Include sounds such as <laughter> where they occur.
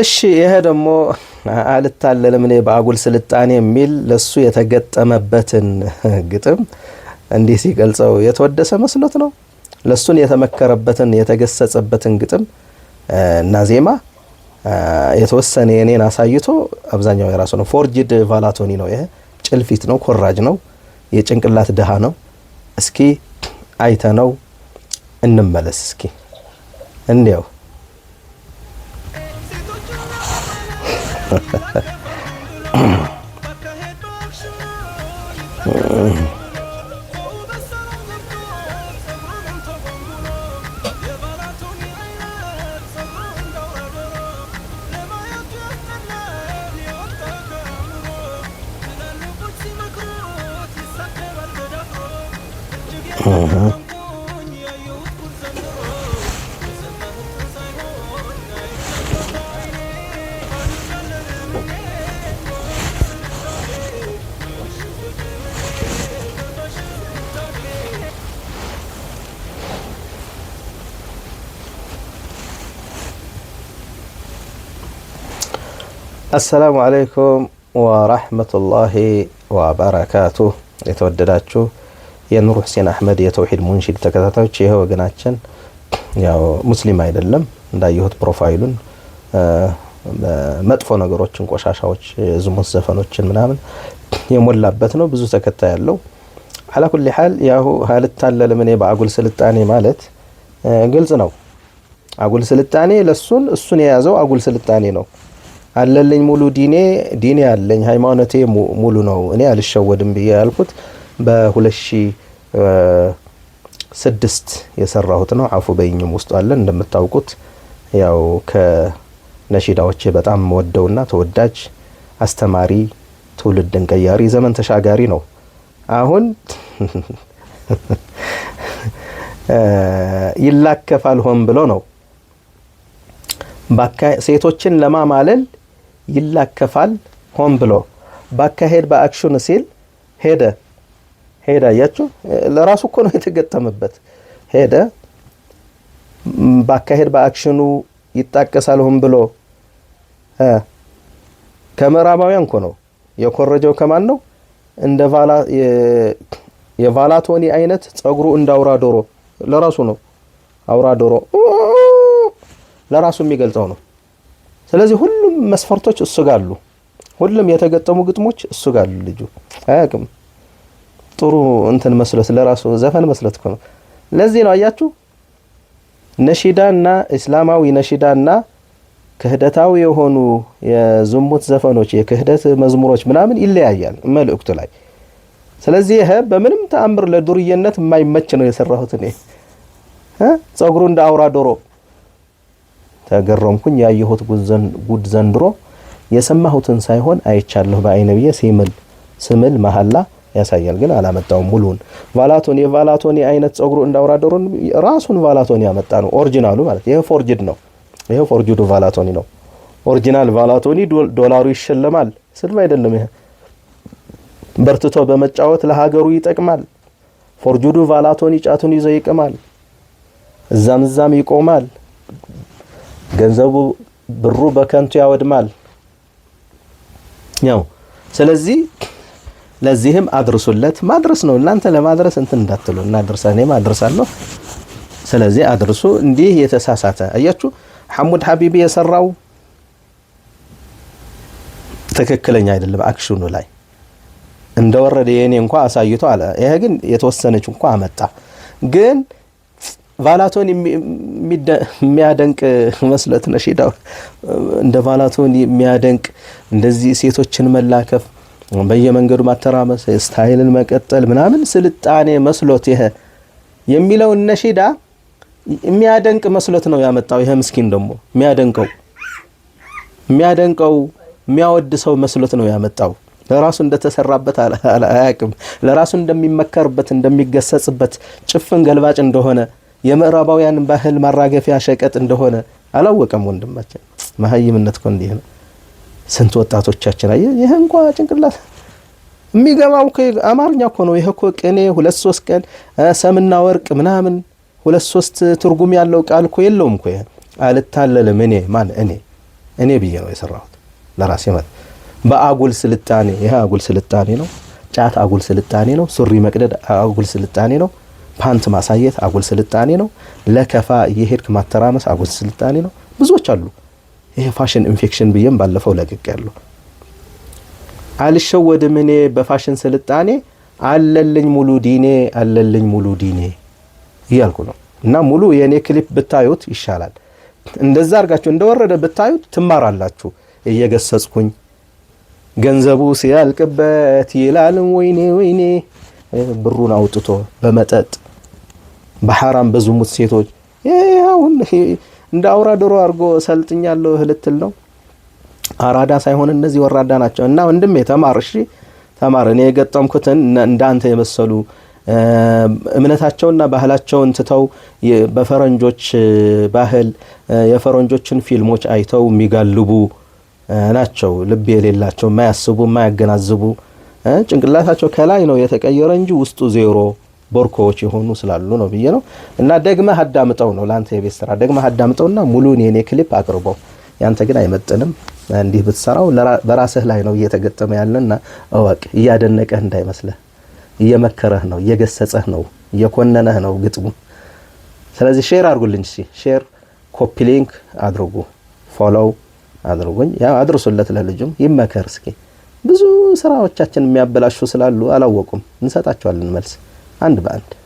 እሺ ይሄ ደግሞ አልታለልም እኔ በአጉል ስልጣኔ የሚል ለሱ የተገጠመበትን ግጥም እንዲህ ሲገልጸው የተወደሰ መስሎት ነው። ለሱን የተመከረበትን የተገሰጸበትን ግጥም እና ዜማ የተወሰነ የኔን አሳይቶ አብዛኛው የራሱ ነው። ፎርጅድ ቫላቶኒ ነው። ይሄ ጭልፊት ነው፣ ኮራጅ ነው፣ የጭንቅላት ድሃ ነው። እስኪ አይተነው እንመለስ። እስኪ እንዲያው Uh mm-hmm. huh. አሰላሙ አለይኩም ወረህመቱላሂ ወበረካቱሁ። የተወደዳችሁ የኑር ሁሴን አህመድ የተውሂድ ሙንሺድ ተከታታዮች ይሄ ወገናችን ያው ሙስሊም አይደለም። እንዳየሁት ፕሮፋይሉን መጥፎ ነገሮችን፣ ቆሻሻዎች፣ ዝሙት ዘፈኖችን ምናምን የሞላበት ነው። ብዙ ተከታይ ያለው አላኩል ሀል ያሁ አልታለልም። እኔ በአጉል ስልጣኔ ማለት ግልጽ ነው። አጉል ስልጣኔ ለሱን እሱን የያዘው አጉል ስልጣኔ ነው። አለልኝ ሙሉ ዲኔ ዲኔ አለኝ ሃይማኖቴ ሙሉ ነው እኔ አልሸወድም ብዬ ያልኩት በ ስድስት የሰራሁት ነው። አፉ በኝም ውስጥ አለን እንደምታውቁት ያው ከነሺዳዎቼ በጣም ወደውና ተወዳጅ አስተማሪ፣ ትውልድን ቀያሪ፣ ዘመን ተሻጋሪ ነው። አሁን <laughs> ይላከፋል ሆን ብሎ ነው ሴቶችን ለማማለል ይላከፋል ሆን ብሎ ባካሄድ በአክሽን ሲል ሄደ ሄደ። አያችሁ ለራሱ እኮ ነው የተገጠመበት። ሄደ ባካሄድ በአክሽኑ ይጣቀሳል ሆን ብሎ ከምዕራባውያን እኮ ነው የኮረጀው። ከማን ነው? እንደ ቫላ የቫላቶኒ አይነት ጸጉሩ እንደ አውራ ዶሮ ለራሱ ነው። አውራ ዶሮ ለራሱ የሚገልጸው ነው። ስለዚህ ሁሉም መስፈርቶች እሱ ጋር አሉ። ሁሉም የተገጠሙ ግጥሞች እሱ ጋር አሉ። ልጁ አያውቅም። ጥሩ እንትን መስሎት ለራሱ ዘፈን መስሎት እኮ ነው። ለዚህ ነው አያችሁ ነሺዳና እስላማዊ ነሺዳና ክህደታዊ የሆኑ የዝሙት ዘፈኖች፣ የክህደት መዝሙሮች ምናምን ይለያያል መልእክቱ ላይ። ስለዚህ ይሄ በምንም ተአምር ለዱርዬነት የማይመች ነው የሰራሁት እኔ ጸጉሩ እንደ አውራ ዶሮ ተገረምኩኝ። ያየሁት ጉድ ዘንድሮ የሰማሁትን ሳይሆን አይቻለሁ በአይነ ብዬ ሲምል ስምል መሐላ ያሳያል ግን አላመጣውም። ሙሉን። ቫላቶን የቫላቶኒ አይነት ጸጉሩ እንዳውራደሩን ራሱን ቫላቶኒ ያመጣ ነው። ኦሪጂናሉ ማለት ይሄ ፎርጅድ ነው። ይሄ ፎርጅዱ ቫላቶኒ ነው። ኦሪጂናል ቫላቶኒ ዶላሩ ይሸለማል። ስድብ አይደለም ይሄ። በርትቶ በመጫወት ለሀገሩ ይጠቅማል። ፎርጅዱ ቫላቶኒ ጫቱን ይዘው ይቅማል፣ እዛም እዛም ይቆማል። ገንዘቡ ብሩ በከንቱ ያወድማል ያው ስለዚህ ለዚህም አድርሱለት ማድረስ ነው። እናንተ ለማድረስ እንትን እንዳትሉ እናድርሳ እኔ አድርሳለሁ። ስለዚህ አድርሱ። እንዲህ የተሳሳተ አያችሁ። ሐሙድ ሀቢቢ የሰራው ትክክለኛ አይደለም። አክሽኑ ላይ እንደወረደ የእኔ እንኳ አሳይቶ አለ። ይሄ ግን የተወሰነች እንኳ አመጣ ግን ቫላቶን የሚያደንቅ መስሎት ነሺዳው እንደ ቫላቶን የሚያደንቅ እንደዚህ ሴቶችን መላከፍ፣ በየመንገዱ ማተራመስ፣ ስታይልን መቀጠል ምናምን ስልጣኔ መስሎት ይሄ የሚለውን ነሽዳ የሚያደንቅ መስሎት ነው ያመጣው። ይሄ ምስኪን ደግሞ የሚያደንቀው የሚያደንቀው የሚያወድ ሰው መስሎት ነው ያመጣው። ለራሱ እንደተሰራበት አያውቅም። ለራሱ እንደሚመከርበት እንደሚገሰጽበት ጭፍን ገልባጭ እንደሆነ የምዕራባውያንን ባህል ማራገፊያ ሸቀጥ እንደሆነ አላወቀም። ወንድማችን መሀይምነት እኮ እንዲህ ነው። ስንት ወጣቶቻችን አየ ይህ እንኳ ጭንቅላት የሚገባው አማርኛ እኮ ነው። ይህ እኮ ቅኔ ሁለት ሶስት ቀን ሰምና ወርቅ ምናምን ሁለት ሶስት ትርጉም ያለው ቃል እኮ የለውም እኮ አልታለልም። እኔ ማን እኔ እኔ ብዬ ነው የሰራሁት ለራሴ ማለት በአጉል ስልጣኔ ይህ አጉል ስልጣኔ ነው። ጫት አጉል ስልጣኔ ነው። ሱሪ መቅደድ አጉል ስልጣኔ ነው። ፓንት ማሳየት አጉል ስልጣኔ ነው። ለከፋ እየሄድክ ማተራመስ አጉል ስልጣኔ ነው። ብዙዎች አሉ። ይሄ ፋሽን ኢንፌክሽን ብዬም ባለፈው ለቅቅ ያለው አልሸወድም እኔ በፋሽን ስልጣኔ አለልኝ ሙሉ ዲኔ አለልኝ ሙሉ ዲኔ እያልኩ ነው። እና ሙሉ የእኔ ክሊፕ ብታዩት ይሻላል። እንደዛ አርጋችሁ እንደወረደ ብታዩት ትማራላችሁ። እየገሰጽኩኝ ገንዘቡ ሲያልቅበት ይላል ወይኔ ወይኔ ብሩን አውጥቶ በመጠጥ በሐራም በዝሙት ሴቶች አሁን እንደ አውራ ዶሮ አድርጎ ሰልጥኛለሁ ህልትል ነው። አራዳ ሳይሆን እነዚህ ወራዳ ናቸው። እና ወንድሜ ተማር፣ እሺ ተማር። እኔ የገጠምኩትን እንዳንተ የመሰሉ እምነታቸውና ባህላቸውን ትተው በፈረንጆች ባህል የፈረንጆችን ፊልሞች አይተው የሚጋልቡ ናቸው። ልብ የሌላቸው የማያስቡ የማያገናዝቡ ጭንቅላታቸው ከላይ ነው የተቀየረ እንጂ ውስጡ ዜሮ ቦርኮዎች የሆኑ ስላሉ ነው ብዬ ነው። እና ደግመህ አዳምጠው ነው ለአንተ የቤት ስራ ደግመህ አዳምጠውና ሙሉን የኔ ክሊፕ አቅርበው። ያንተ ግን አይመጥንም። እንዲህ ብትሰራው በራስህ ላይ ነው እየተገጠመ ያለና እወቅ። እያደነቀህ እንዳይመስልህ፣ እየመከረህ ነው፣ እየገሰጸህ ነው፣ እየኮነነህ ነው ግጥሙ። ስለዚህ ሼር አድርጉልኝ እ ሼር ኮፒ ሊንክ አድርጉ፣ ፎሎው አድርጉኝ፣ አድርሱለት። ለልጁም ይመከር እስኪ። ብዙ ስራዎቻችን የሚያበላሹ ስላሉ አላወቁም። እንሰጣቸዋለን መልስ አንድ በአንድ